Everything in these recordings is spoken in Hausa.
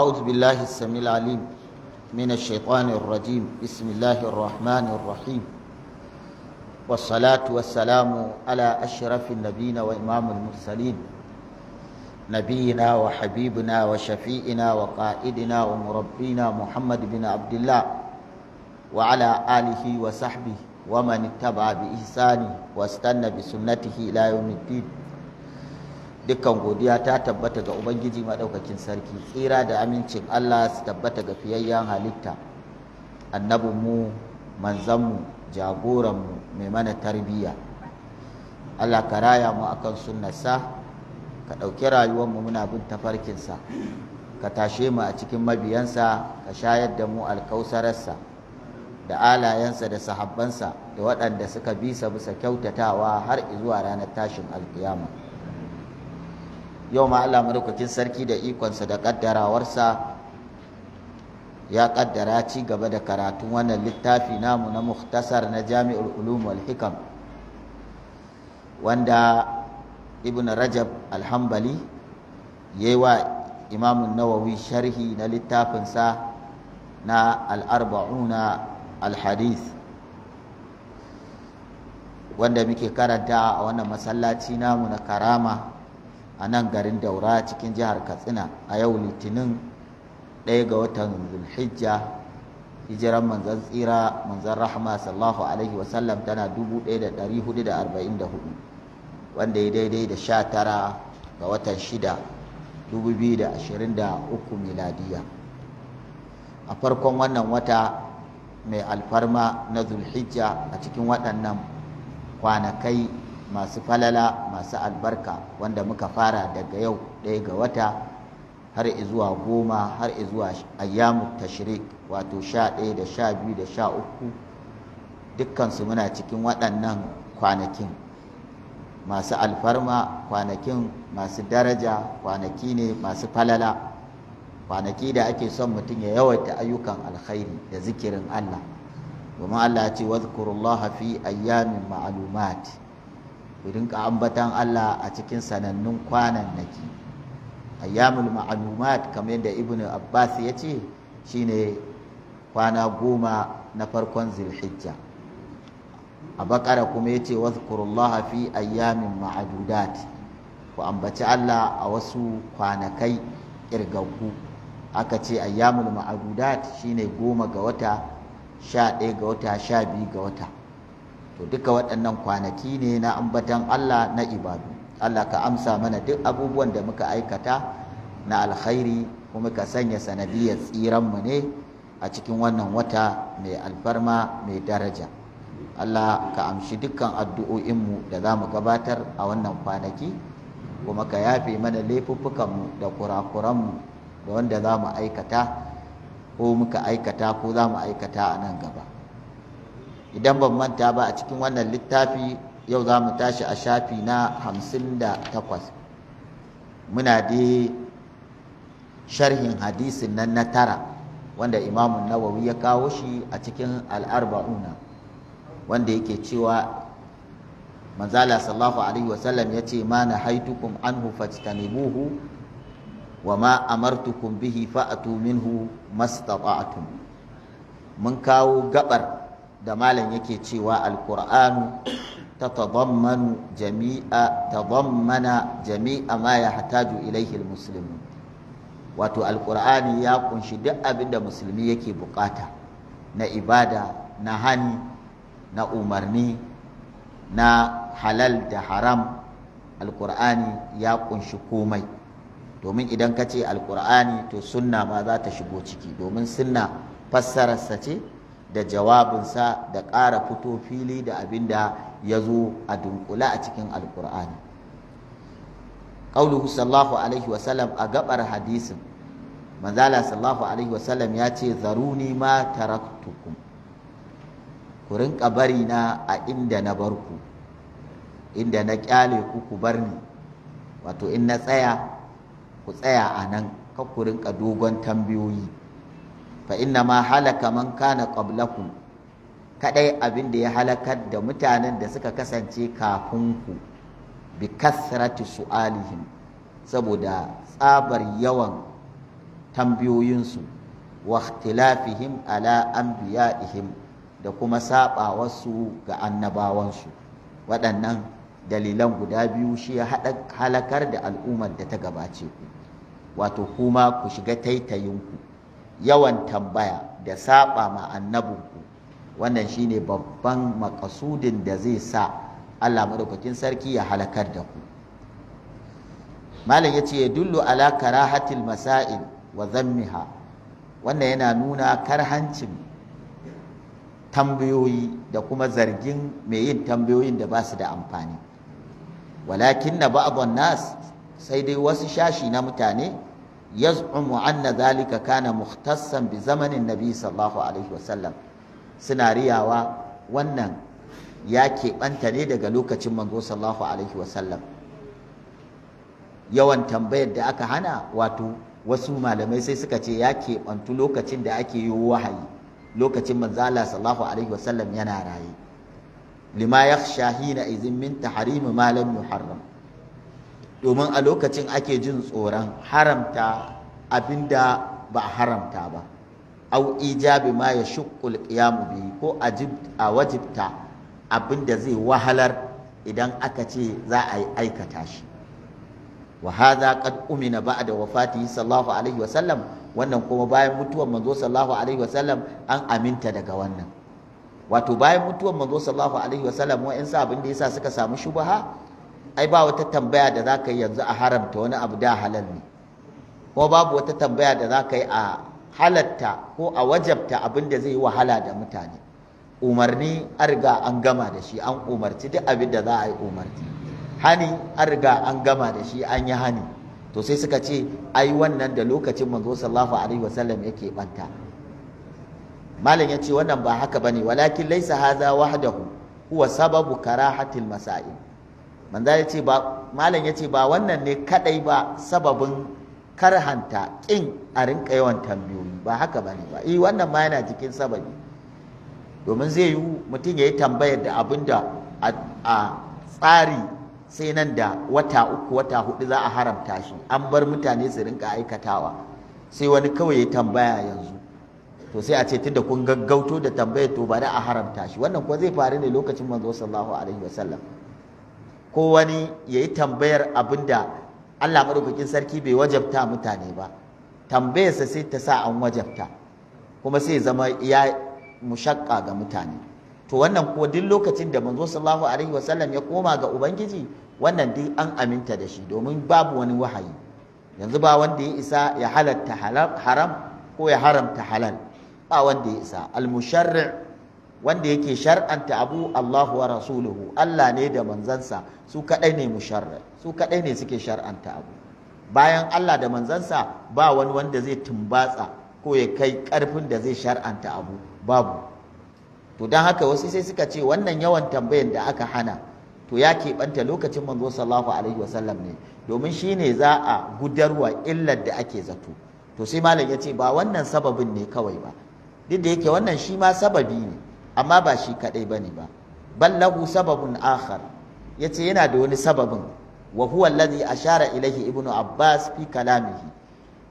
أعوذ بالله السميع العليم من الشيطان الرجيم بسم الله الرحمن الرحيم والصلاة والسلام على أشرف النبيين وإمام المرسلين نبينا وحبيبنا وشفيئنا وقائدنا ومربينا محمد بن عبد الله وعلى آله وصحبه ومن اتبع بإحسانه واستنى بسنته إلى يوم الدين dukkan godiya ta tabbata ga ubangiji maɗaukakin sarki tsira da amincin allah su tabbata ga fiyayyen halitta annabinmu manzanmu jagoranmu mai mana tarbiyya allah ka raya mu akan sunnasa ka ɗauki rayuwarmu muna bin tafarkinsa ka tashe mu a cikin mabiyansa ka shayar da mu alkausararsa da alayensa da sahabbansa da waɗanda suka bisa bisa kyautatawa har zuwa ranar tashin alkiyama. yau ma Allah madaukakin sarki da ikonsa da kaddarawarsa ya kaddara ci gaba da karatun wannan littafi namu na muktasar na jami'ul ulum wal hikam wanda ibn rajab alhambali yi wa Imamin nawawi sharhi na littafinsa na al alhadith wanda muke karanta a wannan masallaci namu na karama a nan garin daura cikin jihar katsina a yau litinin ɗaya ga watan zulhijja hijiran manzan tsira manzan rahama sallahu alaihi wasallam tana 1444 wanda ya daidai da sha tara ga watan shida 2023 miladiya a farkon wannan wata mai alfarma na zulhijja a cikin waɗannan kwanakai masu falala masu albarka wanda muka fara daga yau ɗaya ga wata har zuwa goma har zuwa ayyamu tashrik wato sha ɗaya da sha biyu da sha uku dukkansu muna cikin waɗannan kwanakin masu alfarma kwanakin masu daraja kwanaki ne masu falala kwanaki da ake son mutum ya yawaita ayyukan alkhairi da zikirin Allah domin Allah ya ce wazkurullaha fi ayyamin ma'lumat ku rinka ambatan Allah a cikin sanannun kwanan naki ayyamul ma'lumat kamar yadda ibnu abbas ya ce shine kwana goma na farkon zulhijja a bakara kuma ya ce wazkurullaha fi ayyamin ma'adudat ku ambaci Allah a wasu kwanakai kirgaggu aka ce ayyamul ma'adudat shine goma ga wata sha ɗaya ga wata sha biyu ga wata to duka waɗannan kwanaki ne na ambatan Allah na ibadu Allah ka amsa mana duk abubuwan da muka aikata na alkhairi kuma ka sanya sanadiyar tsiran mu ne a cikin wannan wata mai alfarma mai daraja Allah ka amshi dukkan addu'o'inmu da za mu gabatar a wannan kwanaki kuma ka yafe mana laifuffukanmu da kurakuranmu da wanda za mu aikata ko muka aikata ko za mu aikata a nan gaba idan ban manta ba a cikin wannan littafi yau za mu tashi a shafi na hamsin da takwas muna da sharhin hadisin nan na tara wanda imamun nawawi ya kawo shi a cikin al'arba'una wanda yake cewa manzala Sallahu alaihi wasallam ya ce ma na haitukum anhu fajtanibuhu wa ma amartukum bihi fa'atu minhu mastata'tum mun kawo gabar da malam yake cewa alkur'anu تتضمن جميع jami'a جميع ما يحتاج إليه wato alkur'ani ya kunshi duk abin da musulmi yake bukata na ibada na hani na umarni na halal da haram alkur'ani ya kunshi komai domin idan ka ce alkur'ani to sunna ma za ta shigo ciki domin sunna fassararsa ce da jawabinsa da ƙara fito fili da abin da ya zo a dunkula a cikin Alƙur'ani. ƙauluhu sallahu alaihi wasallam a gabar hadisin manzala sallahu alaihi wasallam ya ce zaruni ma taraktukum ku rinka bari na a inda na barku, inda na ƙyale ku ku bar ni wato in na tsaya ku tsaya a nan ku rinka dogon tambayoyi fa inna ma halaka man kana qablakum kadai abin da ya halakar da mutanen da suka kasance kafin ku bi kasrati su'alihim saboda tsabar yawan tambayoyinsu wa ikhtilafihim ala anbiya'ihim da kuma saba wasu ga annabawansu waɗannan dalilan guda biyu shi ya halakar da al'ummar da ta gabace ku wato kuma ku shiga taitayinku yawan tambaya da saba ma annabinku wannan shine babban makasudin da zai sa Allah madaukakin sarki ya halakar da ku malam yace ya dullu ala karahatil masail wa zammiha wannan yana nuna karhancin tambayoyi da kuma zargin mai yin tambayoyin da ba su da amfani walakin na ba'dhan nas sai dai wasu shashi na mutane yaz'umu anna zalika kana mukhtassan bi zamanin nabi sallallahu alaihi wasallam suna riyawa wannan ya keɓanta ne daga lokacin manzo sallallahu alaihi wasallam yawan tambayar da aka hana wato wasu malamai sai suka ce ya keɓantu lokacin da ake yi wahayi lokacin manzala sallallahu alaihi wasallam yana raye lima yakhsha hina izin min tahrim ma lam yuharram domin a lokacin ake jin tsoron haramta abinda ba haramta ba au ijabi ma ya shukul qiyamu bi ko a wajibta abinda zai wahalar idan aka ce za a yi aikata shi wa hadha qad umina ba'da wafati sallallahu alaihi wasallam wannan kuma bayan mutuwar manzo sallallahu alaihi wasallam an aminta daga wannan wato bayan mutuwar manzo sallallahu alaihi wasallam wa'in sa abin da yasa suka samu shubaha ai ba wata tambaya da za ka yi yanzu a haramta wani abu da halal ne ko babu wata tambaya da za ka yi a halatta ko a wajabta abin da zai yi wahala da mutane umarni an riga an gama da shi an umarci duk abin da za a yi umarci hani an riga an gama da shi an yi hani to sai suka ce ai wannan da lokacin manzo sallallahu alaihi wasallam yake banta malam ya ce wannan ba haka bane walakin laisa haza wahdahu huwa sababu karahatil masa'il manza ya ce ba malam ya ce ba wannan ne kadai ba sababin karhanta kin a rinka yawan tambayoyi ba haka bane ba eh wannan ma yana cikin sababi domin zai yi mutum ya yi tambayar da abin da a tsari sai nan da wata uku wata hudu za a haramta shi an bar mutane su rinka aikatawa sai wani kawai ya tambaya yanzu to sai a ce tunda kun gaggauto da tambayar to bari a haramta shi wannan kuwa zai faru ne lokacin manzo sallallahu alaihi wasallam ko wani ya yi tambayar abin da Allah maɗaukakin sarki bai wajabta mutane ba tambayarsa sai ta sa an wajabta kuma sai zama ya mushakka ga mutane to wannan ko duk lokacin da manzo sallallahu alaihi wasallam ya koma ga ubangiji wannan duk an aminta da shi domin babu wani wahayi yanzu ba wanda ya isa ya halatta haram ko ya haramta halal ba wanda ya isa al-musharri' wanda yake shar'anta abu Allahu wa rasuluhu Allah ne da manzansa su kadai ne musharra su kadai ne suke shar'anta abu bayan Allah da manzansa ba wani wanda zai tumbatsa ko ya kai karfin da zai shar'anta abu babu to don haka wasu sai suka ce wannan yawan tambayan da aka hana to ya keɓanta lokacin manzo sallallahu alaihi wasallam ne domin shine za a gudarwa illar da ake zato to sai malam ya ce ba wannan sababin ne kawai ba duk da yake wannan shi ma sababi ne amma ba shi kadai bane ba ballahu sababun akhar yace yana da wani sababin wa huwa alladhi ashara ilaihi ibnu abbas fi kalamihi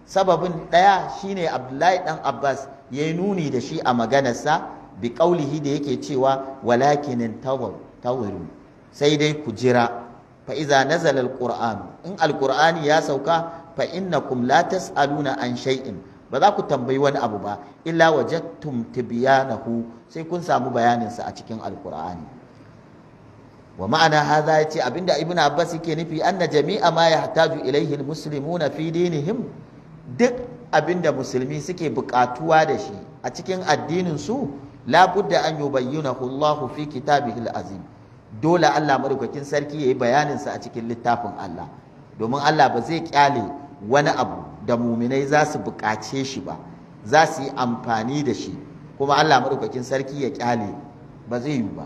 sababin ɗaya shine abdullahi dan abbas ya yi nuni da shi a maganarsa bi qaulihi da yake cewa walakin tawar tawaru sai dai ku jira fa iza nazala alquran in alqur'ani ya sauka fa innakum la tasaluna an shay'in ba za ku tambayi wani abu ba illa wajattum tibyanahu sai kun samu bayanin sa a cikin alqur'ani wa ma'ana hadha yace abinda ibnu abbas yake nufi anna jami'a ma yahtaju ilayhi almuslimuna fi dinihim duk abinda musulmi suke buƙatuwa da shi a cikin addinin su la budda an yubayyinahu Allahu fi kitabihi azim dole Allah madaukakin sarki yayi bayanin sa a cikin littafin Allah domin Allah ba zai kyale wani abu da muminai za su buƙace shi ba za su yi amfani da shi kuma Allah maɗaukakin sarki ya ƙyale ba zai yi ba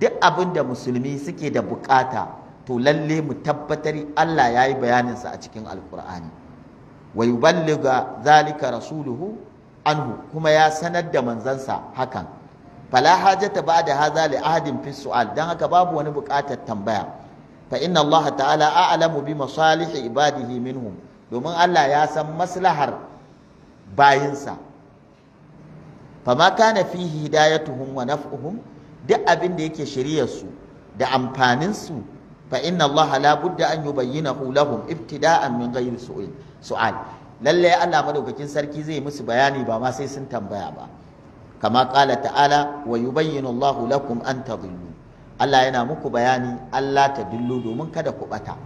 duk abin da musulmi suke da buƙata to lalle mu tabbatar Allah ya yi bayaninsa a cikin alkur'ani wa yuballigha zalika rasuluhu anhu kuma ya sanar da manzansa hakan fala hajata ba'da hadha li ahadin fi su'al dan haka babu wani buƙatar tambaya fa inna Allah ta'ala a'lamu bi masalihi ibadihi minhum domin Allah ya san maslahar bayinsa fama kana fihi hidayatuhum wa naf'uhum duk abin da yake shirya su da amfanin su fa inna Allah la budda an yubayyinahu lahum ibtida'an min ghayri su'il su'al lalle Allah madaukakin sarki zai musu bayani ba ma sai sun tambaya ba kama qala ta'ala wa yubayyinu Allahu lakum an tadillu Allah yana muku bayani Allah ta dillu domin kada ku bata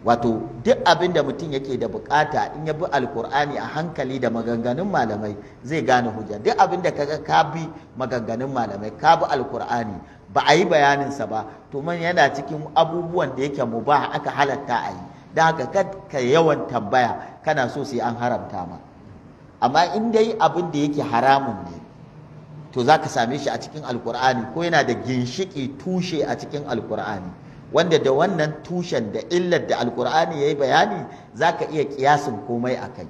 wato duk abin da mutum yake da bukata in ya bi alkur'ani a hankali da maganganun malamai zai gane hujja duk abin da kaga ka bi maganganun malamai ka bi alkur'ani ba a yi bayaninsa ba to man yana cikin abubuwan da yake ba aka halatta a yi don haka ka yawan tambaya kana so sai an haramta ma amma in dai abin da yake haramun ne to za ka same shi a cikin alkur'ani ko yana da ginshiki tushe a cikin alkur'ani wanda da wannan tushen da illar da alkur'ani ya yi bayani za ka iya kiyasin komai a kai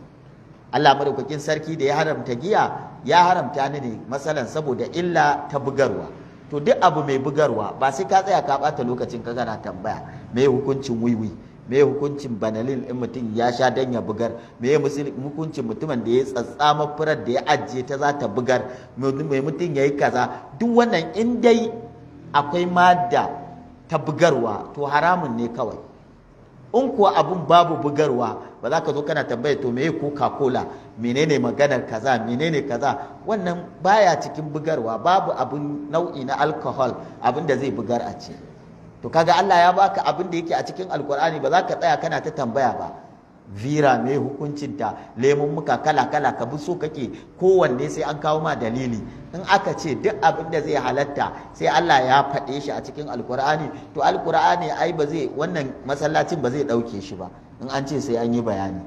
allah madaukakin sarki da ya haramta giya ya haramta ni ne matsalan saboda illa ta bugarwa to duk abu mai bugarwa ba sai ka tsaya ka ɓata lokacin ka gana tambaya me hukuncin wiwi me hukuncin banalin in mutum ya sha dan ya bugar me hukuncin mutumin da ya tsatsama furar da ya ajiye ta za ta bugar me mutum ya yi kaza duk wannan in dai akwai ma da. ta bugarwa to haramun ne kawai in kuwa abun babu bugarwa ba za ka zo kana tambaya to meye coca cola menene maganar kaza menene kaza wannan baya cikin bugarwa babu abun nau'i na alcohol abin da zai bugar a ce to kaga Allah ya baka abin da yake a cikin alkur'ani ba za ka tsaya kana ta tambaya ba vira mai hukuncinta muka kala-kala ka bi so kake kowanne sai an kawo ma dalili in aka ce duk abin da zai halatta sai Allah ya faɗe shi a cikin alkur'ani to alkur'ani ai ba zai wannan masallacin ba zai ɗauke shi ba in an ce sai an yi bayani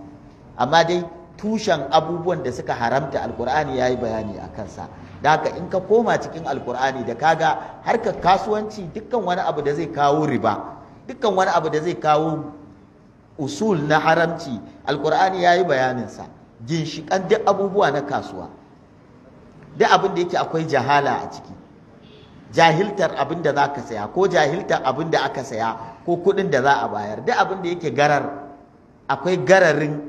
amma dai tushen abubuwan da suka haramta alkur'ani ya yi bayani a kansa da ka in ka koma cikin alkur'ani da kaga harkar kasuwanci dukkan wani abu da zai kawo riba dukkan wani abu da zai kawo usul na haramci alkur'ani ya yi bayaninsa ginshiƙan duk abubuwa na kasuwa duk abin da yake akwai jahala a ciki jahiltar abin da za ka saya ko jahiltar abin da aka saya ko kuɗin da za a bayar duk abin da yake garar akwai gararin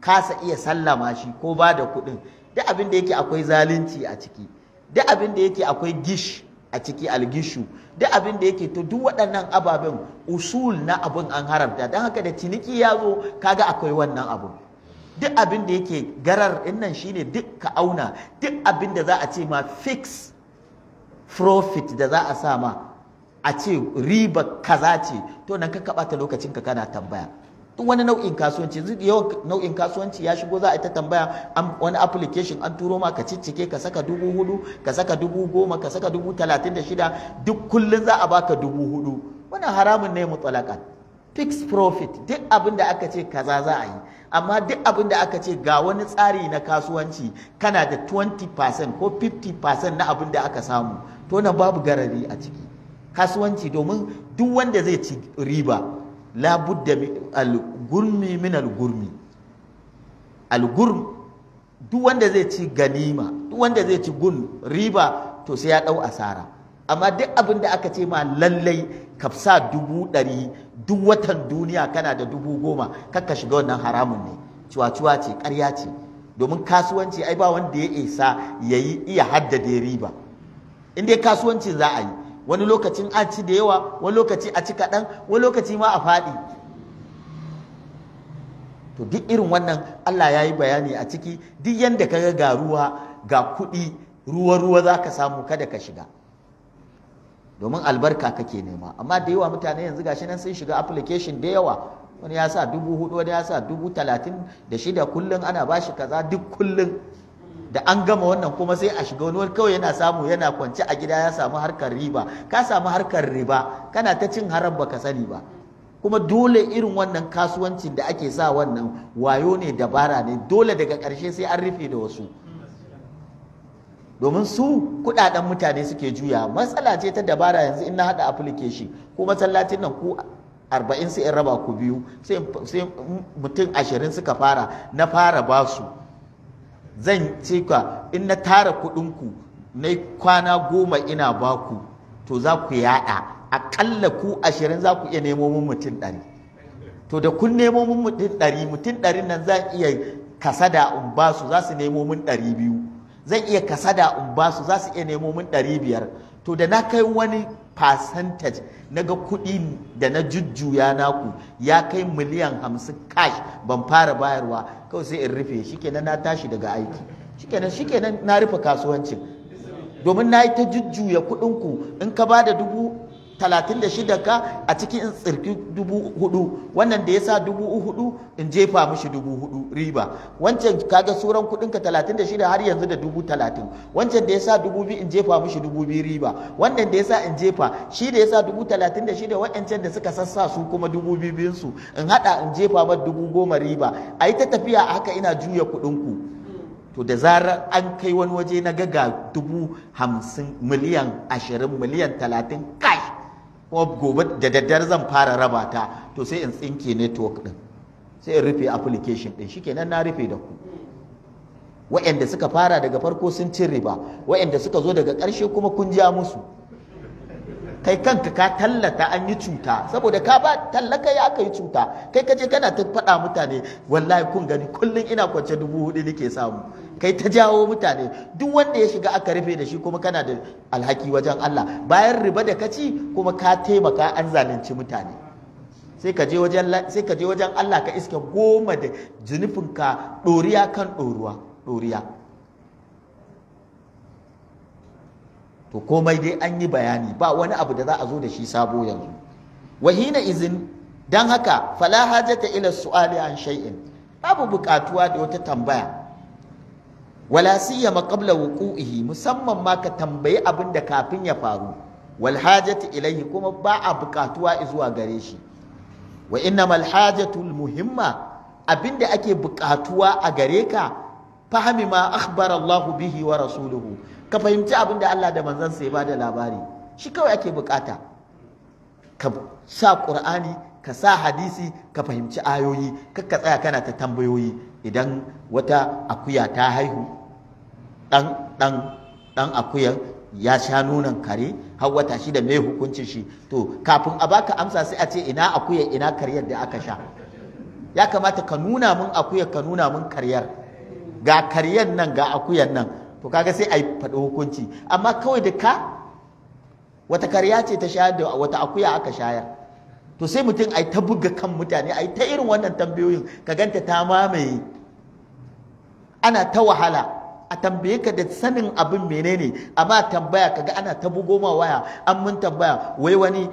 kasa iya sallama shi ko ba da kuɗin duk abin da yake akwai zalunci a ciki duk abin da yake akwai gish a ciki algishu duk abin da yake to duk waɗannan ababen usul na abin an haramta don haka da ciniki ya zo kaga akwai wannan abin duk abin da yake garar nan shine duk ka auna duk abin da za a ce ma fix profit da za a sa ma a ce riba kaza ce to nan ka kaɓata lokacinka kana tambaya duk wani nau'in kasuwanci yawan nau'in kasuwanci ya shigo za a ta tambaya wani application an turo ma ka ciccike ka saka dubu hudu ka saka dubu goma ka saka dubu talatin da shida duk kullum za a baka dubu hudu wannan haramun ne mutsalaka fixed profit duk abin da aka ce kaza za a yi amma duk abin da aka ce ga wani tsari na kasuwanci kana da 20% ko 50% na abin da aka samu to nan babu garari a ciki kasuwanci domin duk wanda zai ci riba labudda al-gurmi min al-gurmi duk wanda zai ci ganima duk wanda zai ci gun riba to sai ya dau asara amma duk abin da aka ce ma lallai kafsa dubu ɗari duk watan duniya kana da dubu goma ka shiga wannan haramun ne ciwaciwa ce ƙarya ce domin kasuwanci ai ba wanda ya isa ya yi iya haddade riba in dai kasuwanci za a yi wani lokacin a ci da yawa wani lokaci a ci kaɗan wani lokaci ma a faɗi to duk irin wannan Allah ya yi bayani a ciki duk yadda ka ga ruwa ga kuɗi ruwa-ruwa za ka samu kada ka shiga domin albarka kake nema amma da yawa mutane yanzu gashi nan sun shiga application da yawa wani ya sa dubu hudu wani ya sa dubu talatin da shida kullum ana ba shi kaza duk kullum da an gama wannan kuma sai a shiga wani kawai yana samu yana kwance a gida ya samu harkar riba ka samu harkar riba kana ta cin haram baka sani ba kuma dole irin wannan kasuwancin da ake sa wannan wayo ne dabara ne dole daga ƙarshe sai an rufe da wasu domin su kudaden mutane suke juya matsala ce ta dabara yanzu in na haɗa application ko masallacin nan ko arba'in sai in raba ku biyu sai mutum ashirin suka fara na fara basu zan ce ka in na tara kuɗinku na kwana goma ina baku to za ku yaɗa aƙalla ku ashirin za ku iya nemo mun mutum ɗari to da kun nemo mun mutum ɗari mutum ɗari nan zan iya kasada in ba su za su nemo mun ɗari biyu zan iya kasada in ba su za su iya nemo mun ɗari biyar to da na kai wani percentage na ga kuɗi da na jujjuya naku ya kai miliyan hamsin cash ban fara bayarwa kawai sai in rufe shikenan na tashi daga aiki shikenan kenan na rufe kasuwancin domin na yi ta jujjuya kuɗinku in ka ba da dubu talatin da shida ka a cikin tsirki dubu hudu wannan da ya sa dubu hudu in jefa mishi dubu hudu riba wancan kaga sauran kudin ka talatin da shida har yanzu da dubu talatin wancan da ya sa dubu biyu in jefa mishi dubu biyu riba wannan da ya sa in jefa shi da ya sa dubu talatin da shida wa'ancan da suka sassa su kuma dubu biyu biyun su in hada in jefa ma dubu goma riba a yi ta tafiya haka ina juya kudin ku to da zarar an kai wani waje na gaga dubu hamsin miliyan ashirin miliyan talatin kai. kuma gobe da daddare zan fara raba ta to sai in tsinke network din sai in rufe application din shikenan na rufe da ku wa'anda suka fara daga farko sun cin riba wa'anda suka zo daga ƙarshe kuma kun ja musu kai kanka ka tallata an yi cuta saboda ka ba tallaka ya aka cuta kai kaje kana ta faɗa mutane wallahi kun gani kullum ina kwance dubu hudu nake samu kai ta jawo mutane duk wanda ya shiga aka rufe da shi kuma kana da alhaki wajen Allah bayan riba da kaci kuma ka taimaka an zalunci mutane sai ka je wajen Allah ka iske goma da zunufinka ɗoriya kan ɗoriya to komai dai an yi bayani ba wani abu da za a zo da shi sabo yanzu wahina izin dan haka fala hajata ila su'ali an shay'in babu buƙatuwa da wata tambaya wala siyama qabla wuqu'ihi musamman ma ka tambayi abin da kafin ya faru wal hajatu ilayhi kuma ba a buƙatuwa zuwa gare shi wa innamal hajatu muhimma abin da ake buƙatuwa a gare ka fahimi ma akhbara bihi wa rasuluhu ka fahimci abin da Allah da manzansa ya bada labari shi kawai ake bukata ka sa qur'ani ka sa hadisi ka fahimci ayoyi ka ka tsaya kana ta tambayoyi idan wata akuya ta haihu dan dan dan akuyan ya sha nunan kare har wata shida mai hukuncin shi to kafin a baka amsa sai a ce ina akuya ina karyar da aka sha ya kamata ka nuna mun akuya ka nuna mun karyar ga karyar nan ga akuyan nan to kaga sai a yi faɗi hukunci amma kawai da ka wata karya ce ta shayar da wata akuya aka shayar to sai mutum a yi ta buga kan mutane a yi ta irin wannan tambayoyin ka ganta ta mamaye ana ta wahala a tambaye ka da sanin abin menene amma tambaya kaga ana ta bugo ma waya an mun tambaya wai wani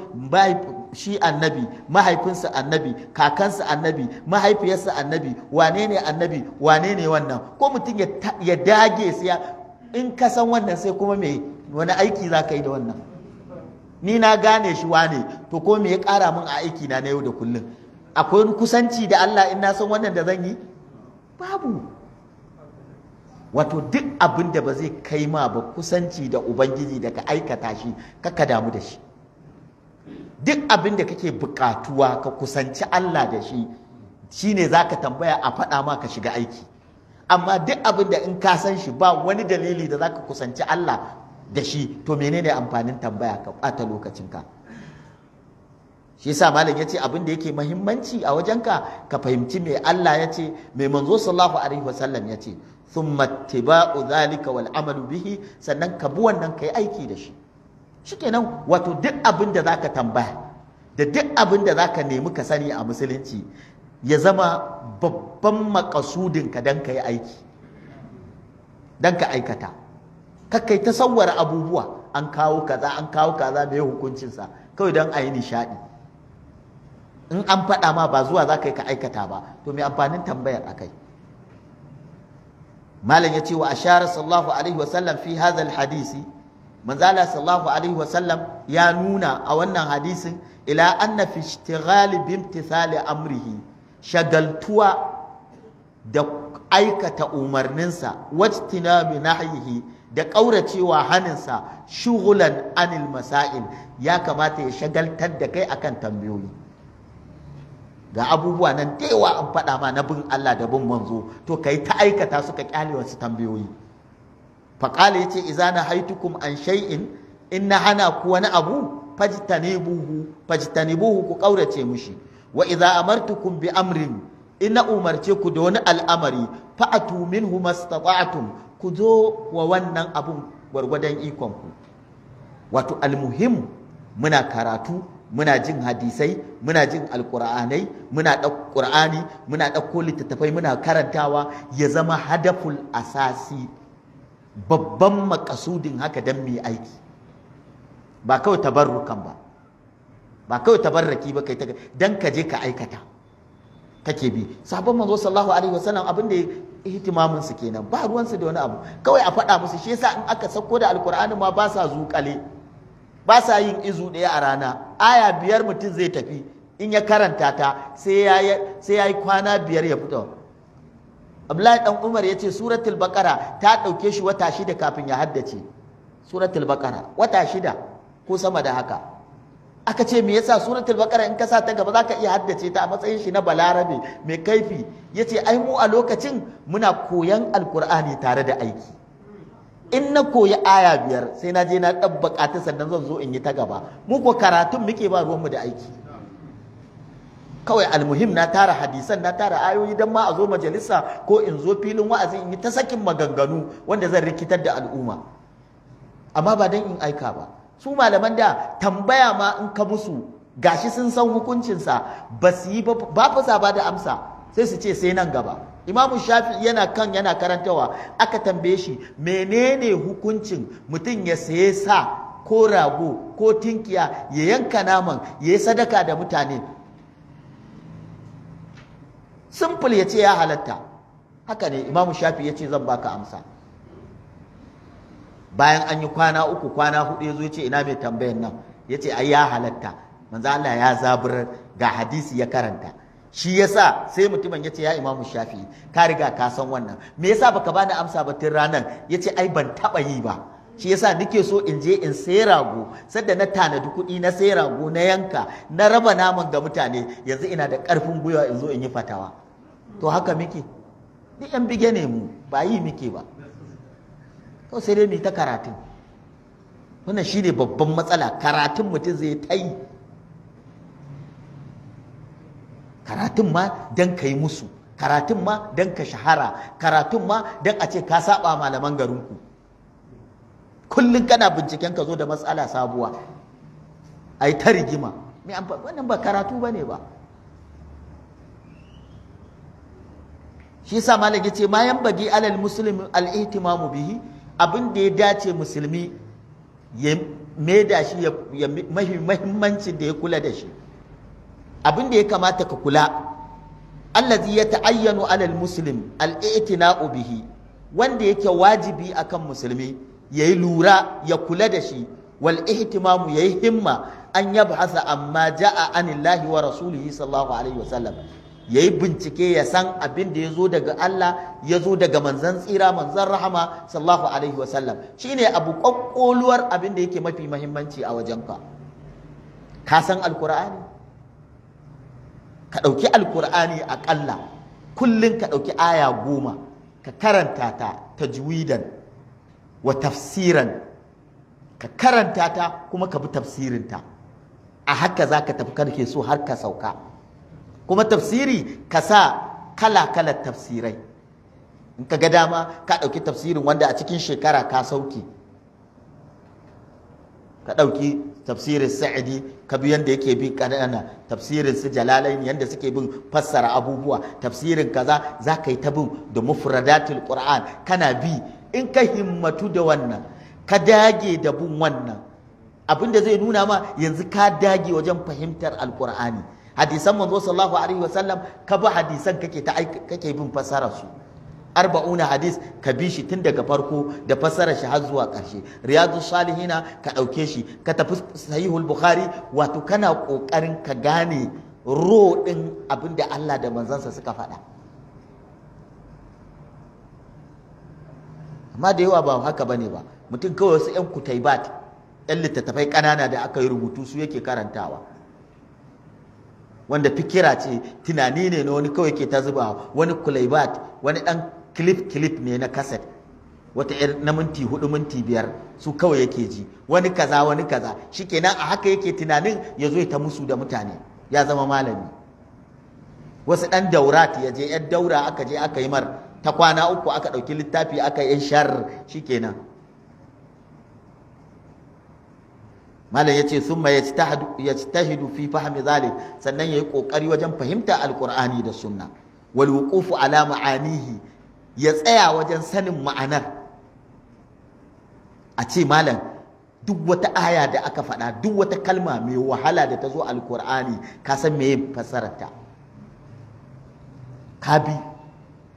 shi annabi mahaifinsa annabi kakansa annabi mahaifiyarsa annabi wane ne annabi wane ne wannan ko mutum ya dage siya in ka san wannan sai kuma me wani aiki za ka yi da wannan ni na gane shi wane to ko me ya ƙara min a aiki na na yau da kullum akwai kusanci da Allah in na san wannan da zan yi babu wato duk abin da ba zai kai ma ba kusanci da ubangiji da ka aikata shi kaka damu da shi duk abin da kake bukatuwa ka kusanci Allah da shi shi shine zaka tambaya a faɗa ma ka shiga aiki amma duk abin da in ka san shi ba wani dalili da za ka kusanci Allah da shi to menene amfanin tambaya ka ɓata lokacinka shi yasa malam ya ce abin da yake muhimmanci a wajenka ka fahimci mai Allah ya ce, mai manzo sallallahu alaihi wasallam yace thumma tiba'u zalika wal amalu bihi sannan ka bi wannan kai aiki da shi shikenan wato duk abin da zaka tambaya da duk abin da zaka nemi ka sani a musulunci ya zama babban makasudin ka dan ka yi aiki dan ka aikata ta tasawwara abubuwa an kawo kaza an kawo kaza mai hukuncinsa kawai dan a yi nishaɗi in an faɗa ma ba zuwa za ka yi ka aikata ba to me amfanin tambayar akai malam ya ce wa ashara sallallahu alaihi wasallam fi hazal hadisi manzala sallallahu alaihi wasallam ya nuna a wannan hadisin ila anna fi ishtighali bi amrihi shagaltuwa da aikata umarninsa mai nahihi da ƙauracewa haninsa shughulan anil masail ya kamata ya shagaltar da kai akan tambayoyi ga abubuwa nan da yawa an faɗa ma na bin Allah da bin manzo to kai ta aikata suka kyale wasu tambayoyi faqala yace na haitukum an shay'in in na hana ku wani abu fajtanibuhu fajtanibuhu ku ƙaurace mushi wa idza amartukum bi amrin ina umarce ku da wani al'amari fa'atu minhu mastata'tum ku zo wa wannan abun gwargwadon ikon ku wato almuhim muna karatu muna jin hadisai muna jin alqur'anai muna ɗauko qur'ani muna ɗauko littattafai muna karantawa ya zama hadaful asasi babban makasudin haka dan mu aiki ba kawai tabarrukan ba ba kawai tabarraki ba kai dan ka je ka aikata kake bi sabon manzo sallallahu alaihi wasallam abin da ihtimamin su kenan ba ruwan su da wani abu kawai a faɗa musu shi yasa in aka sauko da alkur'ani ma ba sa zuƙale ba sa yin izu daya a rana aya biyar mutum zai tafi in ya karanta ta sai ya yi kwana biyar ya fito abdullahi dan umar ya ce suratul baqara ta ɗauke shi wata shida kafin ya haddace suratul baqara wata shida ko sama da haka aka ce me yasa suratul baqara in ka sa ta gaba zaka iya haddace ta a matsayin shi na balarabe mai kaifi yace ai mu a lokacin muna koyan alqur'ani tare da aiki in na koyi aya biyar sai na je na dabbaka ta sannan zan zo in yi ta gaba mu ko karatun muke ba ruwanmu da aiki kawai almuhim na tara hadisan na tara ayoyi don ma a zo majalisa ko in zo filin wa'azi in yi ta sakin maganganu wanda zan rikitar da al'umma amma ba don in aika ba su malaman da tambaya ma in ka musu gashi sun san hukuncinsa ba su yi ba ba da amsa sai su ce sai nan gaba imamu shafi yana kan yana karantawa aka tambaye shi menene hukuncin mutum ya saye sa ko rago ko tinkiya ya yanka naman ya yi sadaka da mutane simple ya ce ya halatta haka ne imamu shafi ya ce zan baka amsa bayan an yi kwana uku kwana hudu yazo ce ina mai tambayan nan Ya ce ai ya halatta manzo Allah ya zaburar ga hadisi ya karanta shi yasa sai mutumin ya ce ya imamu Shafi, ka riga ka san wannan me yasa baka bani amsa ba tun Ya ce ai ban taba yi ba shi yasa nake so in je in sai rago sadda na tanadi kuɗi na sai rago na yanka na raba naman ga mutane yanzu ina da ƙarfin gwiwa in zo in yi fatawa to haka muke duk yan bige ne mu ba yi muke ba kawai sai dai mai ta karatu wannan ne babban matsala karatun mutum zai ta yi karatun ma don ka yi musu karatun ma don ka shahara karatun ma don a ce ka saba malaman garinku kullum kana binciken ka zo da matsala sabuwa a yi ta rigima wannan ba karatu ba ne ba shi sa malam ce ma yan bagi alal muslim al'itimamu bihi abin da ya dace musulmi ya maida shi ya mahimmanci da ya kula da shi abin da ya kamata ka kula allazi ya ta'ayyanu alal muslim al-i'tina'u bihi wanda yake wajibi akan musulmi yayi lura ya kula da shi wal ihtimamu yayi himma an yabhasa amma ja'a anillahi wa rasulihi sallallahu alaihi wasallam ya yi bincike ya san abin da ya zo daga Allah ya zo daga manzan tsira manzan rahama sallallahu alaihi wasallam shi ne abu ƙwaƙƙoluwar abin da yake mafi mahimmanci a wajenka ka san alkur'ani ka ɗauki alkur'ani aƙalla kullum ka ɗauki aya goma ka karanta ta tajwidan wa tafsiran ka karanta ta kuma ka bi tafsirinta a haka za ka tafi karke so har ka sauka kuma tafsiri ka sa kala-kalar tafsirai in ka ga dama ka ɗauki tafsirin wanda a cikin shekara ka sauki ka ɗauki tafsirin sa'idi ka bi yadda yake bin ƙanana tafsirin su jalalain yadda suke bin fassara abubuwa tafsirin kaza za ka yi ta bin da mufradatul qur'an kana bi in ka himmatu da wannan ka dage da bin wannan abin da zai nuna ma yanzu ka dage wajen fahimtar alƙur'ani hadisan manzo sallallahu alaihi wasallam ka bi hadisan kake ta kake bin fassarar su arba'una hadis ka bi shi tun daga farko da fassarar shi har zuwa ƙarshe riyadu salihina ka ɗauke shi ka tafi sahihul bukhari wato kana ƙoƙarin ka gane ro ɗin abin da Allah da manzansa suka faɗa amma da yawa ba haka bane ba mutum kawai wasu 'yan kutaibat 'yan littattafai ƙanana da aka yi rubutu su yake karantawa wanda fikira ce tunani ne na wani kawai ke ta zuba wani kulaibat wani dan clip clip ne na kaset wata yar na minti hudu minti biyar su kawai yake ji wani kaza wani kaza Shi shikenan a haka yake tunanin ya zo ta musu da mutane ya zama malami wasu dan daurat ya je yar daura aka je aka yi mar ta kwana uku aka ɗauki littafi aka yi shar shikenan malam ci ta yajtahidu fi fahmi zalik sannan yayi ƙoƙari wajen fahimta Alƙur'ani da sunna walwukufu wuqufu ala ma'anihi ya tsaya wajen sanin ma'anar a ce malam duk wata aya da aka faɗa duk wata kalma mai wahala da ta zo Alƙur'ani ka san meye fassararta ka bi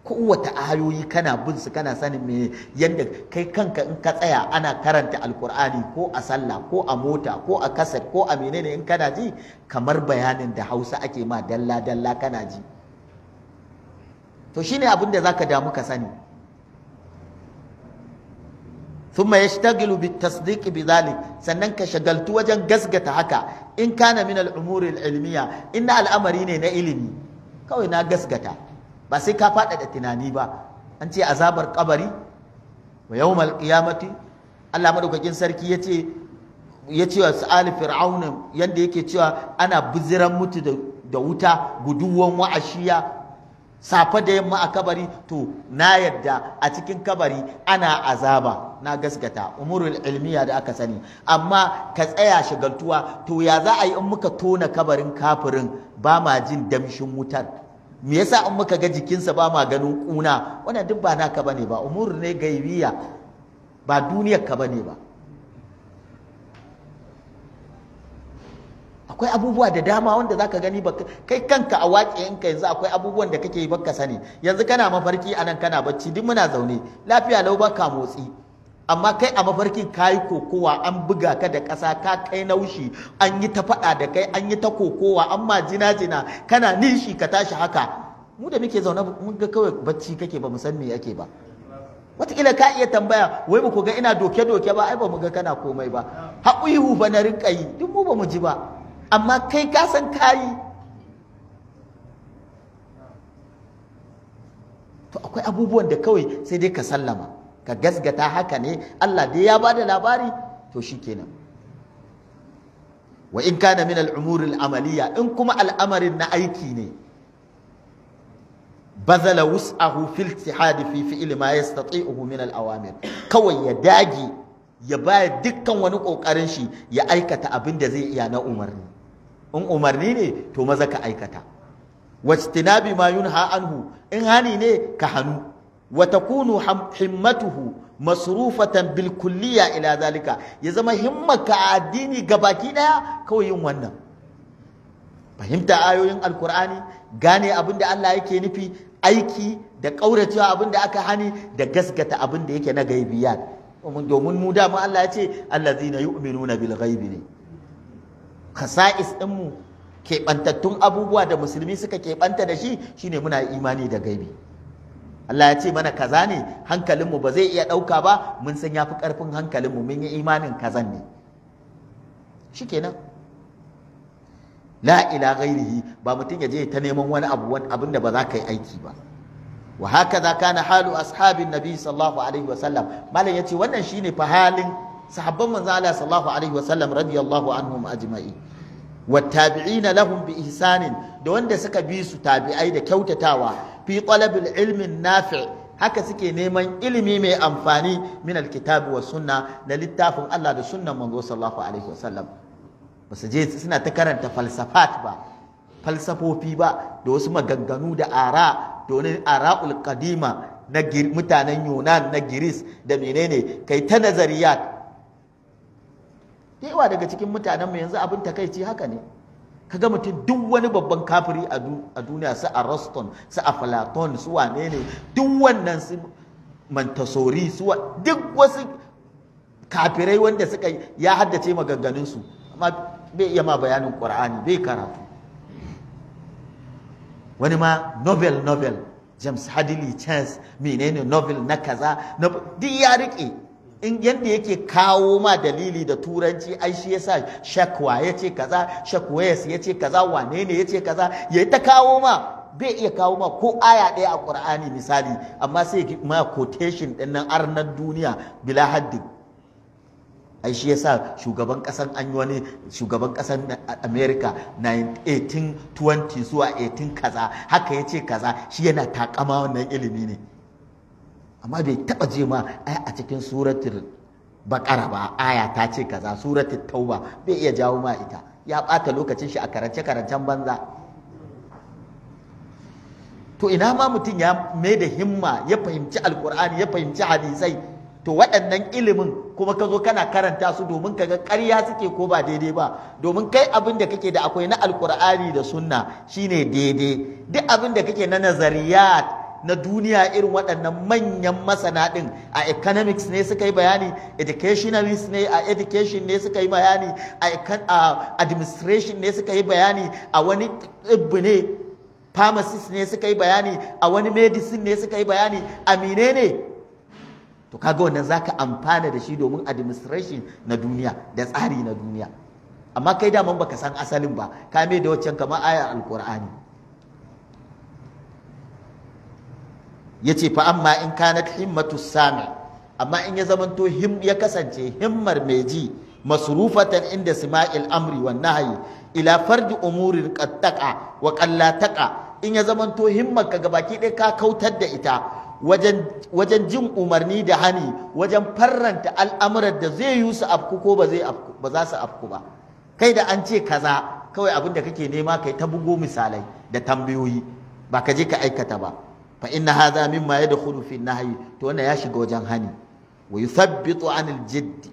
kowace ayoyi kana bin su kana sanin me yanda kai kanka in ka tsaya ana karanta alkur'ani ko a sallah ko a mota ko a kaset ko a menene in kana ji kamar bayanin da hausa ake ma dalla dalla kana ji to shine abin da zaka damu ka sani ثم يشتغل بالتصديق بذلك sannan ka shagaltu wajen gasgata haka in kana min al-umuri al-ilmiya inna al-amari ne na ilimi kawai na gasgata ba sai ka faɗaɗa tunani ba an ce azabar kabari wa yawmal qiyamati Allah madaukakin sarki yace ya ce wa sa'ali fir'auna yadda yake cewa ana buziran mutu da wuta guduwan wa'ashiya safa da yamma a kabari to na yadda a cikin kabari ana azaba na gaskata umurul ilmiya da aka sani amma ka tsaya shagaltuwa, to ya za a yi in muka tona kabarin kafirin ba ma jin damshin wutar me yasa in muka ga jikinsa ba ma ganin kuna wannan duk ba naka bane ba umur ne gaibiya ba duniyar ka bane ba akwai abubuwa da dama wanda zaka gani ba kai kanka a ka yanzu akwai abubuwan da kake yi baka sani yanzu kana mafarki anan kana bacci duk muna zaune lafiya lau baka motsi amma kai a mafarkin kayi kokowa an buga ka da ƙasa ka kai naushi an yi ta faɗa da kai an yi ta kokowa an ma jina jina kana nishi ka tashi haka mu da muke zaune mun ga kawai bacci kake ba mu san me yake ba wataƙila ka iya tambaya wai ba ku ga ina doke-doke ba ai ba mu ga kana komai ba haƙuihu ba na rinƙa yi duk mu ba mu ji ba amma kai ka san kayi to akwai abubuwan da kawai sai dai ka sallama ka gasgata haka ne Allah dai ya bada labari to shikenan wa in kana min al-umur al-amaliya in kuma al'amarin na aiki ne bazala wus'ahu fil tihadi fi fi'li ma yastati'uhu min al-awamir kawai ya dage ya baya dukkan wani kokarin shi ya aikata abin da zai iya na umarni in umarni ne to maza ka aikata wajtinabi ma yunha anhu in hani ne ka hanu wa takunu himmatuhu masrufatan bil kulliya ila zalika ya zama himmaka addini baki ɗaya kawai yin wannan fahimta ayoyin alkur'ani gane abin da Allah yake nufi aiki da ƙauracewa abin da aka hani da gaskata abin da yake na gaibiyat domin mu da mu Allah ya ce allazina yu'minuna bil ghaibi ne khasa'is din mu keɓantattun abubuwa da musulmi suka keɓanta da shi shine muna imani da gaibi Allah ya ce mana kaza ne hankalinmu ba zai iya ɗauka ba mun san ya fi ƙarfin hankalinmu mun yi imanin kazan ne shi kenan La'ila ghairihi ba mutum ya je ta neman wani abu abin da ba za ka yi aiki ba wa haka za kana halu ashabin nabi sallallahu alaihi wasallam malam ya ce wannan shine fa halin sahabban manzo Allah sallallahu alaihi wasallam radiyallahu anhum ajma'i wa tabi'ina lahum bi ihsanin da wanda suka bi su tabi'ai da kyautatawa fi talabil ilmin nafi' haka suke neman ilimi mai amfani min alkitab wa sunna na littafin Allah da sunnan manzo sallallahu alaihi wasallam ba su je suna ta karanta falsafat ba falsafofi ba da wasu maganganu da ara da ara'ul qadima na mutanen Yunan na Giris da menene kai ta nazariyat yawa daga cikin mutanen mu yanzu abin takaici haka ne kaga mutum duk wani babban kafiri a duniya su araston su a platon su wane ne duk wannan su mantasori su duk wasu kafirai wanda suka ya haddace maganganunsu amma bai iya ma bayanin ƙur'ani bai karatu wani ma novel novel james hadley chance menene novel na kaza duk ya rike. in yadda yake kawo ma dalili da turanci ai shi yasa shakwa ya ce kaza shakwes ya ce kaza wane ne ya ce kaza ya ta kawo ma bai iya kawo ma ko aya ɗaya a ƙur'ani misali amma sai ma quotation ɗin nan arnar duniya bila haddin ai shi yasa shugaban ƙasan an wani shugaban ƙasan america 1820 zuwa 18 kaza haka ya ce kaza shi yana takama wannan ilimi ne amma bai taba je ma ai a cikin suratul bakara ba aya ta ce kaza suratul tauba bai iya jawo ma ita ya bata lokacin shi a karance karancen banza to ina ma mutum ya mai da himma ya fahimci alkur'ani ya fahimci hadisai to waɗannan ilimin kuma ka zo kana karanta su domin ka ga ƙarya suke ko ba daidai ba domin kai abin da kake da akwai na alkur'ani da sunna shine daidai duk abin da kake na nazariyat na duniya irin waɗannan manyan masana ɗin a economics ne suka yi bayani educationalist ne a education ne suka yi bayani a administration ne suka yi bayani a wani ɗibbi ne pharmacist ne suka yi bayani a wani medicine ne suka yi bayani a mine ne to kaga wannan zaka amfana da shi domin administration na duniya da tsari na duniya amma kai daman baka san asalin ba ka mai da waccan kamar ayar alkur'ani yace fa amma in kanat himmatu sami amma in ya zamanto him ya kasance himmar mai ji masrufatan inda sima'il amri wan nahyi ila fardi umurin qattaqa wa qallataqa in ya zamanto himmar ka gabaki ɗaya ka kautar da ita wajen wajen jin umarni da hani wajen farranta al'amuran da zai yi su afku ko ba zai afku ba za su afku ba kai da an ce kaza kawai abin da kake nema kai ta bugo misalai da tambayoyi ba ka je ka aikata ba fa inna maye da yadkhulu fi nahyi to wannan ya shiga wajen hani wa yuthabbitu anil jidd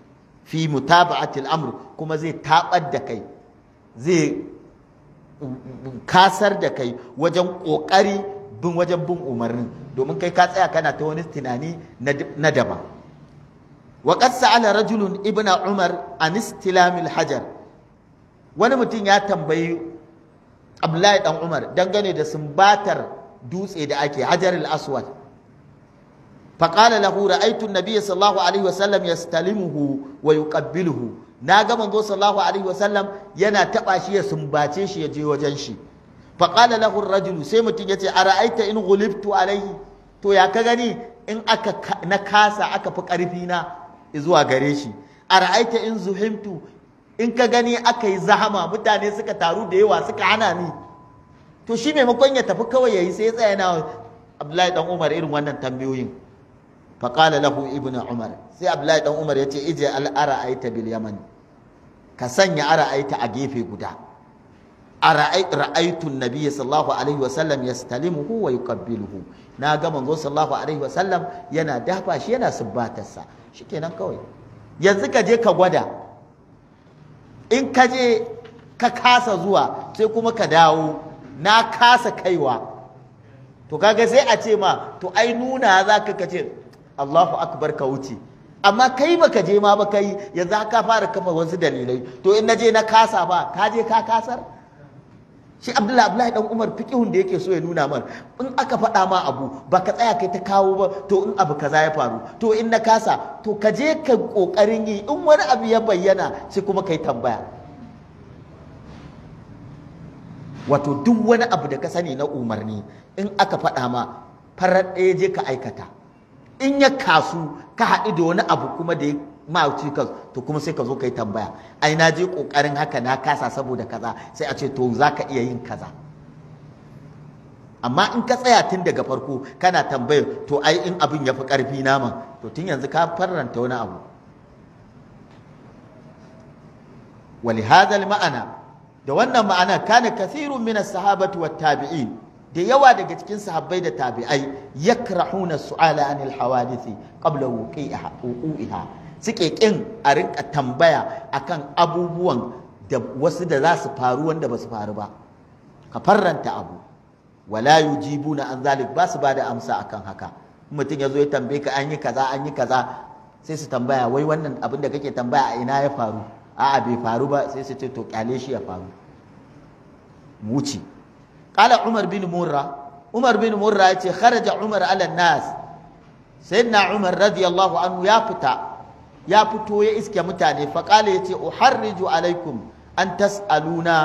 fi mutaba'ati amr kuma zai tabar da kai zai kasar da kai wajen kokari bin wajen bin umarni. domin kai ka tsaya kana ta wani tunani na daban Waƙarsa qad sa'ala rajulun ibna umar an istilamil hajar wani mutum ya tambayi Abdullahi dan Umar dangane da sumbatar dutse da ake hajarul aswad faƙala lahu ra'aitun nabiyyi sallallahu alaihi wasallam yastalimuhu wa yuqabbiluhu na ga manzo sallallahu alaihi wasallam yana taba shi ya sumbace shi ya je wajen shi faƙala lahu rajulu sai mutum yace ara'aita in ghulibtu alaihi to ya ka gani in aka na kasa aka fi ƙarfi na zuwa gare shi ara'aita in zuhimtu in ka gani aka yi zahama mutane suka taru da yawa suka hana ni to shi maimakon ya tafi kawai yayi sai ya tsaya na Abdullahi dan Umar irin wannan tambayoyin fa qala lahu ibnu Umar sai Abdullahi dan Umar yace ije al ara'aita bil yaman ka sanya ara'aita a gefe guda ra'aitu nabiyyi sallallahu alaihi wa sallam yastalimuhu wa yuqabbiluhu na ga manzo sallallahu alaihi wa sallam yana dafa shi yana subbatarsa shikenan kawai yanzu ka je ka gwada in ka je ka kasa zuwa sai kuma ka dawo na kasa kaiwa to kaga sai a ce ma to ai nuna za ka kace Allahu akbar ka wuce amma kai baka je ma ba kai yanzu ka fara kafa wasu dalilai to in na je na kasa ba ka je ka kasar shi Abdullahi Abdullahi dan Umar fiqihun da yake so ya nuna man in aka faɗa ma abu baka tsaya kai ta kawo ba to in abu kaza ya faru to in na kasa to ka je ka kokarin yi in wani abu ya bayyana sai kuma kai tambaya wato duk wani abu da ka sani na umarni in aka faɗa ma farar ɗaya je ka aikata in ya kasu ka haɗu da wani abu kuma da ya ma'auci ka to kuma sai ka zo ka yi tambaya ai na je ƙoƙarin haka na kasa saboda kaza sai a ce to za ka iya yin kaza amma in ka tsaya tun daga farko kana tambaya to ai in abin ya fi ƙarfi naman to tun yanzu ka farranta wani abu ولهذا المعنى da wannan ma'anar, kana kathirun min as-sahabati wat tabi'in da yawa daga cikin sahabbai da tabi'ai yakrahuna su'ala anil hawadithi qabla wuqi'iha wuqi'iha suke kin a rinka tambaya akan abubuwan da wasu da za su faru wanda ba su faru ba ka farranta abu wala yujibuna an zalik ba su bada amsa akan haka mutum ya zo ya tambaye ka an yi kaza an yi kaza sai su tambaya wai wannan abin da kake tambaya a ina ya faru a'a bai faru ba sai su ce to kyale shi ya faru mu wuce qala umar bin murra umar bin murra yace kharaja umar ala nas sayyidina umar radiyallahu anhu ya fita ya fito ya iske mutane fa qala yace uharriju alaikum an tasaluna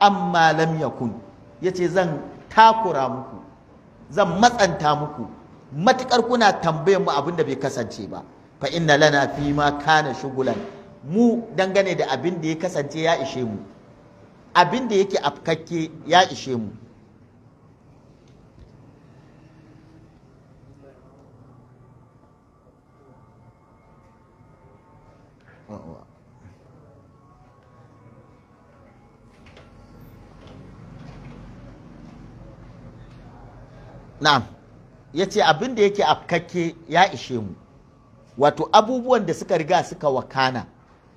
amma lam yakun yace zan takura muku zan matsanta muku matukar kuna tambayar mu abin da bai kasance ba fa inna lana fi ma kana shugulan mu dangane da abin da ya kasance ya ishe mu abin da yake afkakke ya ishe mu Na'am, ya ce abin da yake afkakke ya ishe mu, wato abubuwan da suka riga suka wakana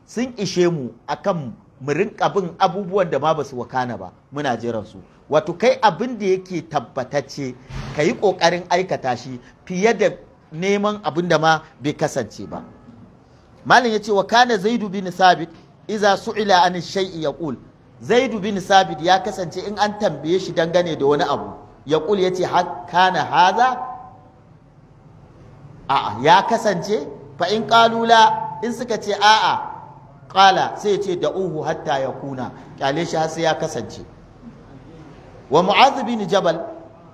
sun ishe mu akan mu rinka bin abubuwan da ma ba su wakana ba muna jiran su wato kai abin da yake tabbatacce ka yi ƙoƙarin aikata shi fiye da neman abin da ma bai kasance ba malam ya ce wa kana zaidu bin sabit iza su'ila an shay'i yaqul zaidu bin sabit ya kasance in an tambaye shi dangane da wani abu yaqul yace kana haza a'a ya kasance fa in kalula in suka ce a'a qala sai ce da uhu hatta ya kuna kyale shi har sai ya kasance wa mu'adh bin jabal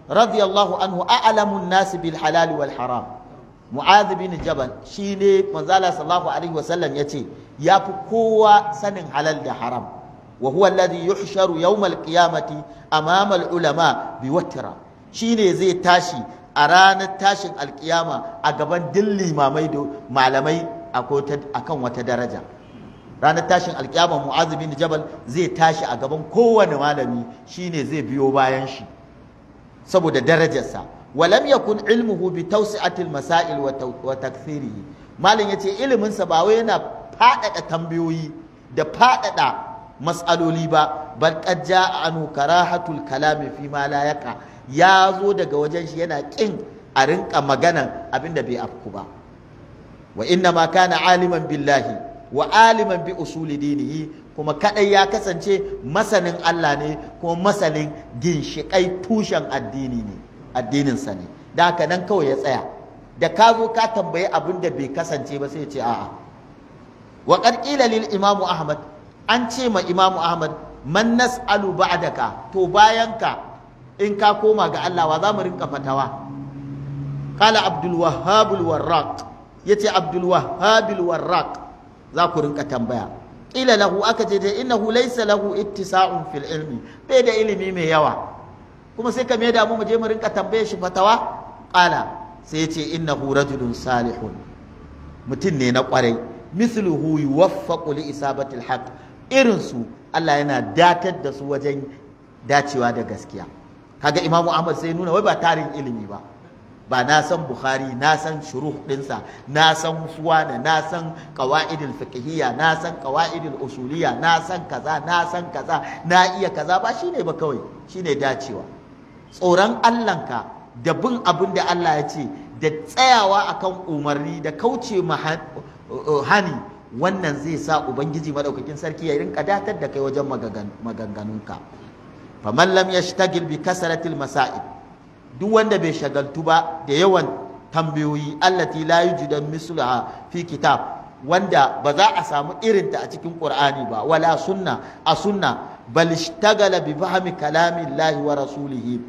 radiyallahu anhu a'lamun nas bil halal wal haram mu'adh bin jabal shine manzo Allah sallallahu alaihi wasallam yace yafi kowa sanin halal da haram wa huwa alladhi yuhsharu yawm al qiyamati amama al ulama bi Shi shine zai tashi a ranar tashin alkiyama a gaban dillin mamai da malamai akan wata daraja ranar tashin alƙiyama mu'az bin jabal zai tashi a gaban kowane malami shine zai biyo bayan shi saboda darajarsa walam yakun ilmuhu bi tawsi'atil masail wa takthirihi malam yace ilimin sa ba wai yana faɗaɗa tambayoyi da faɗaɗa mas'aloli ba bal qad ja'a anu karahatul kalami fi ma la yaqa ya zo daga wajen shi yana kin a rinka maganan abinda bai afku ba wa inna ma kana aliman billahi wa aliman bi usuli dinihi kuma kadai ya kasance masanin Allah ne kuma masanin ginshiƙai tushen addini ne addininsa ne da haka nan kawai ya tsaya da ka zo ka tambayi abin da bai kasance ba sai ce a'a wa qila lil Imam ahmad an ce ma imamu ahmad man nas'alu ba'daka to bayanka in ka koma ga Allah wa za mu rinka fatawa qala abdul wahhab al yace abdul wahhab za ku rinka tambaya ƙila lahu aka ce innahu laysa lahu ittisa'un fil ilmi bai da ilimi mai yawa kuma sai ka maida mu je mu rinka tambaye shi fatawa qala sai ya ce innahu rajulun salihun mutum ne na kwarai misluhu yuwaffaqu li isabatil haqq irin su Allah yana datar da su wajen dacewa da gaskiya kaga imamu Ahmad sai nuna wai ba tarin ilimi ba ba na san bukhari na san shuruh dinsa na san fuwana na san qawaidul fiqhiyya na san qawaidul usuliyya na san kaza na san kaza na iya kaza ba shine ba kawai shine dacewa tsoron ka da bin abin da Allah ya ce da tsayawa akan umarni da kauce uh, hani wannan zai sa ubangiji madaukakin sarki ya rinka datar da kai wajen maganganunka faman lam yashtagil bi kasratil masa'ib duk wanda bai shagaltu ba da yawan tambayoyi allati la yujidan mislaha fi kitab wanda ba za a samu irinta a cikin qur'ani ba wala sunna a sunna bal ishtagala bi fahmi kalamin lahi wa rasulihi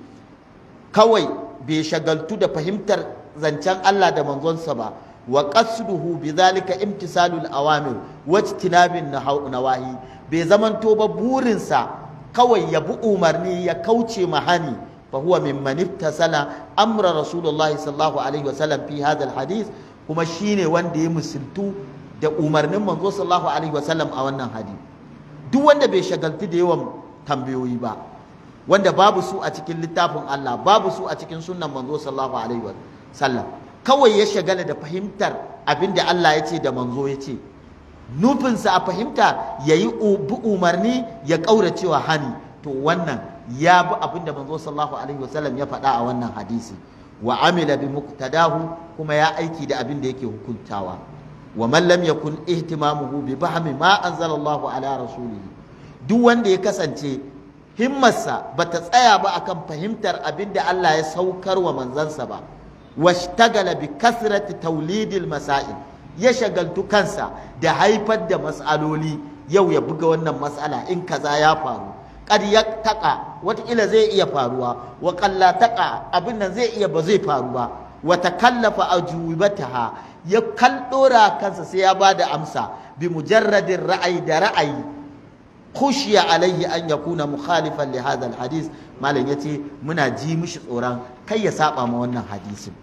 kawai bai shagaltu da fahimtar zancen Allah da manzonsa ba wa qasduhu bidhalika imtisalul awamir wa tinabin nawahi bai zamanto ba burinsa kawai ya bi umarni ya kauce mahani fa huwa mimman iftasala amra rasulullahi sallallahu alaihi wasallam fi hadha alhadith kuma shine wanda ya musultu da umarnin manzo sallallahu alaihi wasallam a wannan hadith duk wanda bai shagaltu da yawan tambayoyi ba wanda babu su a cikin littafin Allah babu su a cikin sunnan manzo sallallahu alaihi wasallam kawai ya shagala da fahimtar abinda Allah ya ce da manzo ya ce nufinsa a fahimta ya yi umarni ya ƙauracewa hani to wannan ya bi abin da manzo sallallahu alaihi wasallam ya faɗa a wannan hadisi wa amila bi muqtadahu kuma ya aiki da abin da yake hukuntawa wa man lam yakun ihtimamuhu bi bahmi ma anzalallahu ala rasulihi duk wanda ya kasance himmarsa bata tsaya ba akan fahimtar abin da Allah ya saukar wa manzansa ba washtagala bi kasrati tawlidil masail ya shagaltu kansa da haifar da mas'aloli yau ya buga wannan mas'ala in kaza ya faru ƙarya taƙa wataƙila zai iya faruwa wa ƙalla taƙa abin nan zai iya ba zai faruwa wa ta ha, ya kaldora kansa sai ya ba da amsa bi mujarradin ra'ayi da ra'ayi khushiya alaihi an yakuna mukhalifan li hadha alhadith malam yace muna ji mishi tsoron kai ya saba ma wannan hadisin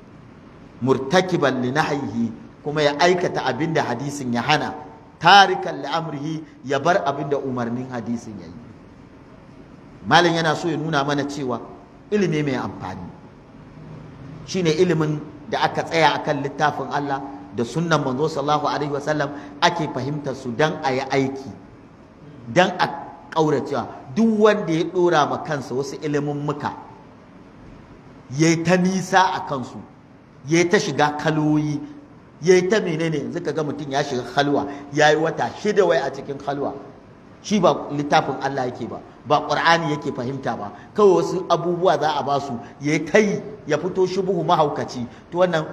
murtakiban li nahyihi kuma ya aikata abinda hadisin ya hana tarikan li amrihi ya bar abinda umarnin hadisin yayi malam yana so ya nuna mana cewa ilimi mai amfani shine ilimin da aka tsaya akan littafin Allah da sunnan manzo sallallahu alaihi wasallam ake fahimtar su dan a yi aiki dan a ƙauracewa duk wanda ya ɗora ma kansa wasu ilimin muka ya yi ta nisa a kansu ya yi ta shiga kaloyi ya yi ta menene yanzu ga mutum ya shiga halwa ya yi wata shida wai a cikin halwa shi ba littafin Allah yake ba ba ƙur'ani yake fahimta ba kawai wasu abubuwa za a basu ya kai ya fito shi buhu mahaukaci to wannan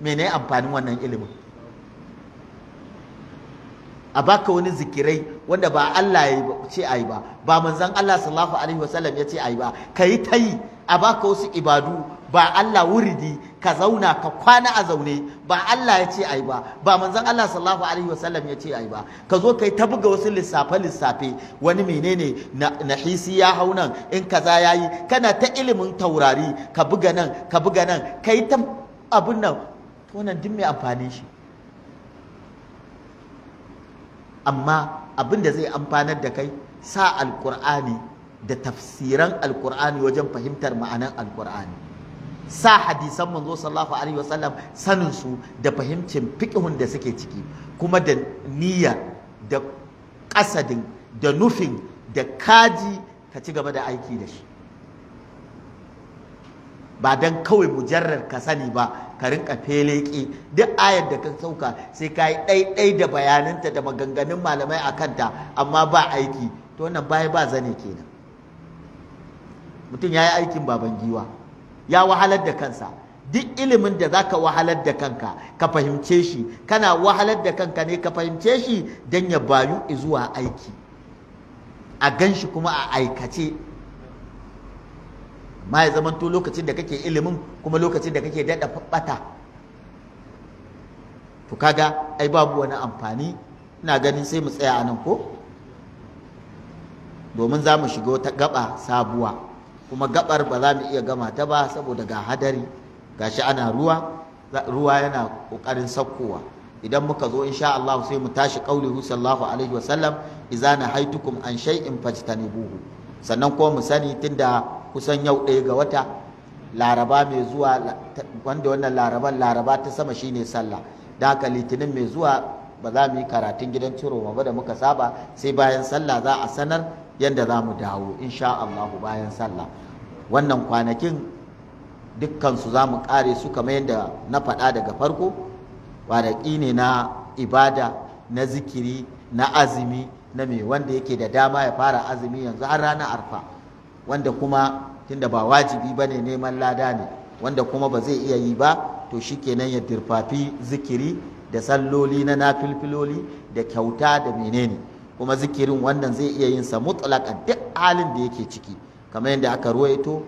mene amfanin wannan ilimin a baka wani zikirai wanda ba Allah ya ce a yi ba ba manzon Allah sallallahu alaihi wasallam ya ce a yi ba ka yi ta yi a baka wasu ibadu ba Allah wuridi ka zauna ka kwana a zaune ba Allah ya ce ai ba ba manzon Allah sallallahu alaihi wasallam ya ce ai ba ka zo kai ta buga wasu lissafe lissafe wani menene na hisi ya hau nan in kaza yayi kana ta ilimin taurari ka buga nan ka buga nan kai ta abun nan to nan duk mai amfani shi amma abin da zai amfanar da kai sa alkur'ani da tafsiran alkur'ani wajen fahimtar ma'anan alkur'ani sa hadisan manzo sallallahu alaihi wasallam sanin su da fahimcin fiqhun da suke ciki kuma da niyya da kasadin da nufin da kaji ka ci gaba da aiki da shi ba dan kawai mujarrar ka sani ba ka rinka feleke duk ayar da ka sauka sai ka yi ɗaiɗai da bayananta da maganganun malamai a kanta amma ba aiki to wannan baya ba zane kenan mutum ya yi aikin baban giwa ya wahalar da kansa duk ilimin da za ka wahalar da kanka ka fahimce shi kana wahalar da kanka ne ka fahimce shi don ya bayu zuwa aiki a gan shi kuma a aikace ma ya zamanto lokacin da kake ilimin kuma lokacin da kake daɗa faɓata, to kaga ai babu wani amfani ina ganin sai mu tsaya a nan ko domin za mu shiga wata gaba sabuwa kuma gabar ba za mu iya gama ta ba saboda ga hadari shi ana ruwa ruwa yana kokarin sakkowa idan muka zo insha Allah sai mu tashi qaulihu sallallahu alaihi wasallam idza nahaitukum an shay'in fajtanibuhu sannan kuma mu sani tunda kusan yau ɗaya ga wata laraba mai zuwa wanda wannan laraban laraba ta sama shine sallah da haka litinin mai zuwa ba za mu yi karatun gidan ciroma ba da muka saba sai bayan sallah za a sanar yadda za mu dawo insha Allah bayan sallah wannan kwanakin dukkansu za mu kare su kamar yadda na faɗa daga farko kwanaki ne na ibada na zikiri na azumi na mai wanda yake da dama ya fara azumi yanzu har ranar arfa wanda kuma tunda ba wajibi ba ne neman lada ne wanda kuma ba zai iya yi ba to shi kenan ya dirfafi zikiri da salloli na nafilfiloli da kyauta da menene kuma zikirin wannan zai iya yin sa mutlaka duk halin da yake ciki kamar yadda aka ruwaito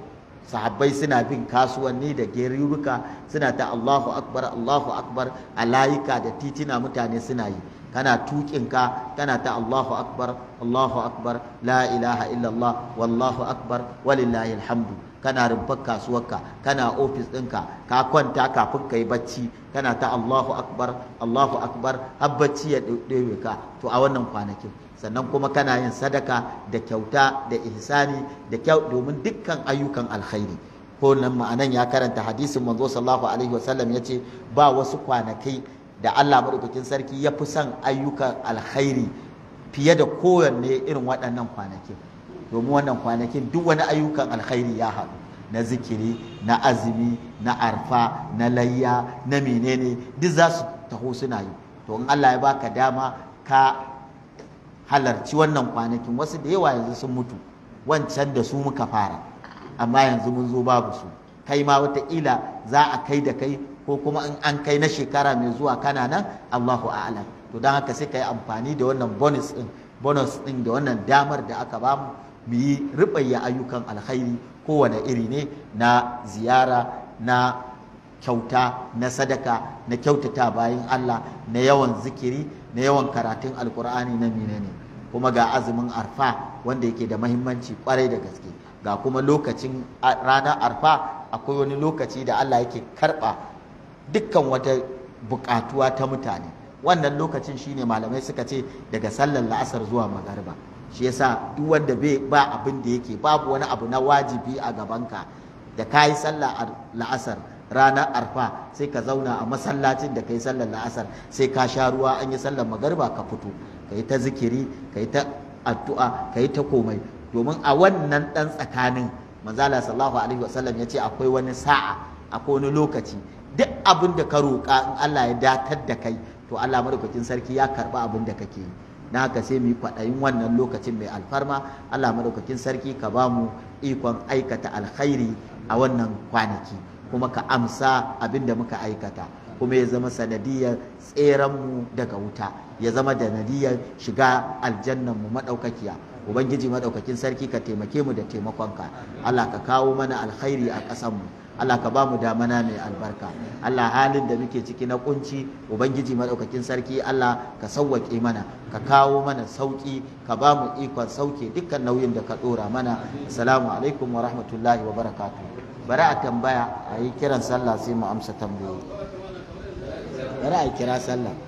sahabbai suna bin kasuwanni da gerirruka suna ta Allahu akbar Allahu akbar a layuka da titina mutane suna yi kana tuƙinka kana ta Allahu akbar Allahu akbar la ilaha illallah wallahu akbar walillahi alhamdu kana rumfar kasuwarka kana ofis ɗinka ka kwanta kafin ka yi bacci kana ta Allahu akbar Allahu akbar har bacci ya ɗewe ka to a wannan kwanakin sannan kuma kana yin sadaka da kyauta da ihsani da kyau domin dukkan ayyukan alkhairi ko nan ma'anan ya karanta hadisin manzo sallallahu alaihi wasallam yace ba wasu kwanakai da Allah madaukakin sarki ya fi son ayyukan alkhairi fiye da kowanne irin waɗannan kwanakin domin wannan kwanakin duk wani ayyukan alkhairi ya haɗu na zikiri na azumi na arfa na layya na menene duk za su taho suna yi to in Allah ya baka dama ka halarci wannan kwanakin wasu da yawa yanzu sun mutu wancan da su muka fara amma yanzu mun zo babu su kai ma wataƙila za a kai da kai ko kuma in an kai na shekara mai zuwa kana nan Allahu a'lam to don haka sai ka yi amfani da wannan bonus din bonus din da wannan damar da aka bamu mu yi ribayya ayyukan alkhairi kowane iri ne na ziyara na kyauta na sadaka na kyautata bayan Allah na yawan zikiri na yawan karatun alkur'ani na menene kuma ga azumin arfa wanda yake da mahimmanci kwarai da gaske ga kuma lokacin ranar arfa akwai wani lokaci da Allah yake karba dukkan wata bukatuwa ta mutane wannan lokacin shine malamai suka ce daga sallar la'asar zuwa magariba shi yasa duk wanda bai ba abin da yake babu wani abu na wajibi a gabanka da ka yi sallar la'asar ranar arfa sai ka zauna a masallacin da ka yi sallar la'asar sai ka sha ruwa an yi sallar magariba ka fito ka yi ta zikiri ka yi ta addu'a ka yi ta komai domin a wannan dan tsakanin manzala sallallahu alaihi wasallam ya ce akwai wani sa'a akwai wani lokaci duk abin da ka roƙa in Allah ya datar da kai to Allah madaukakin sarki ya karɓa abin da kake yi na haka sai mu yi kwaɗayin wannan lokacin mai alfarma Allah madaukakin sarki ka ba mu ikon aikata alkhairi a wannan kwanaki kuma ka amsa abin da muka aikata kuma ya zama sanadiyar mu daga wuta ya zama sanadiyar shiga aljannan mu madaukakiya ubangiji madaukakin sarki ka taimake mu da taimakonka Allah ka kawo mana alkhairi a ƙasar mu Allah ka ba mu damana mai albarka Allah halin da muke ciki na kunci ubangiji madaukakin sarki Allah ka sauwake mana ka kawo mana sauki ka ba mu ikon sauke dukkan nauyin da ka dora mana assalamu alaikum wa rahmatullahi wa barakatuh bari a tambaya a yi kiran sallah sai mu amsa tambayoyi bari a kira sallah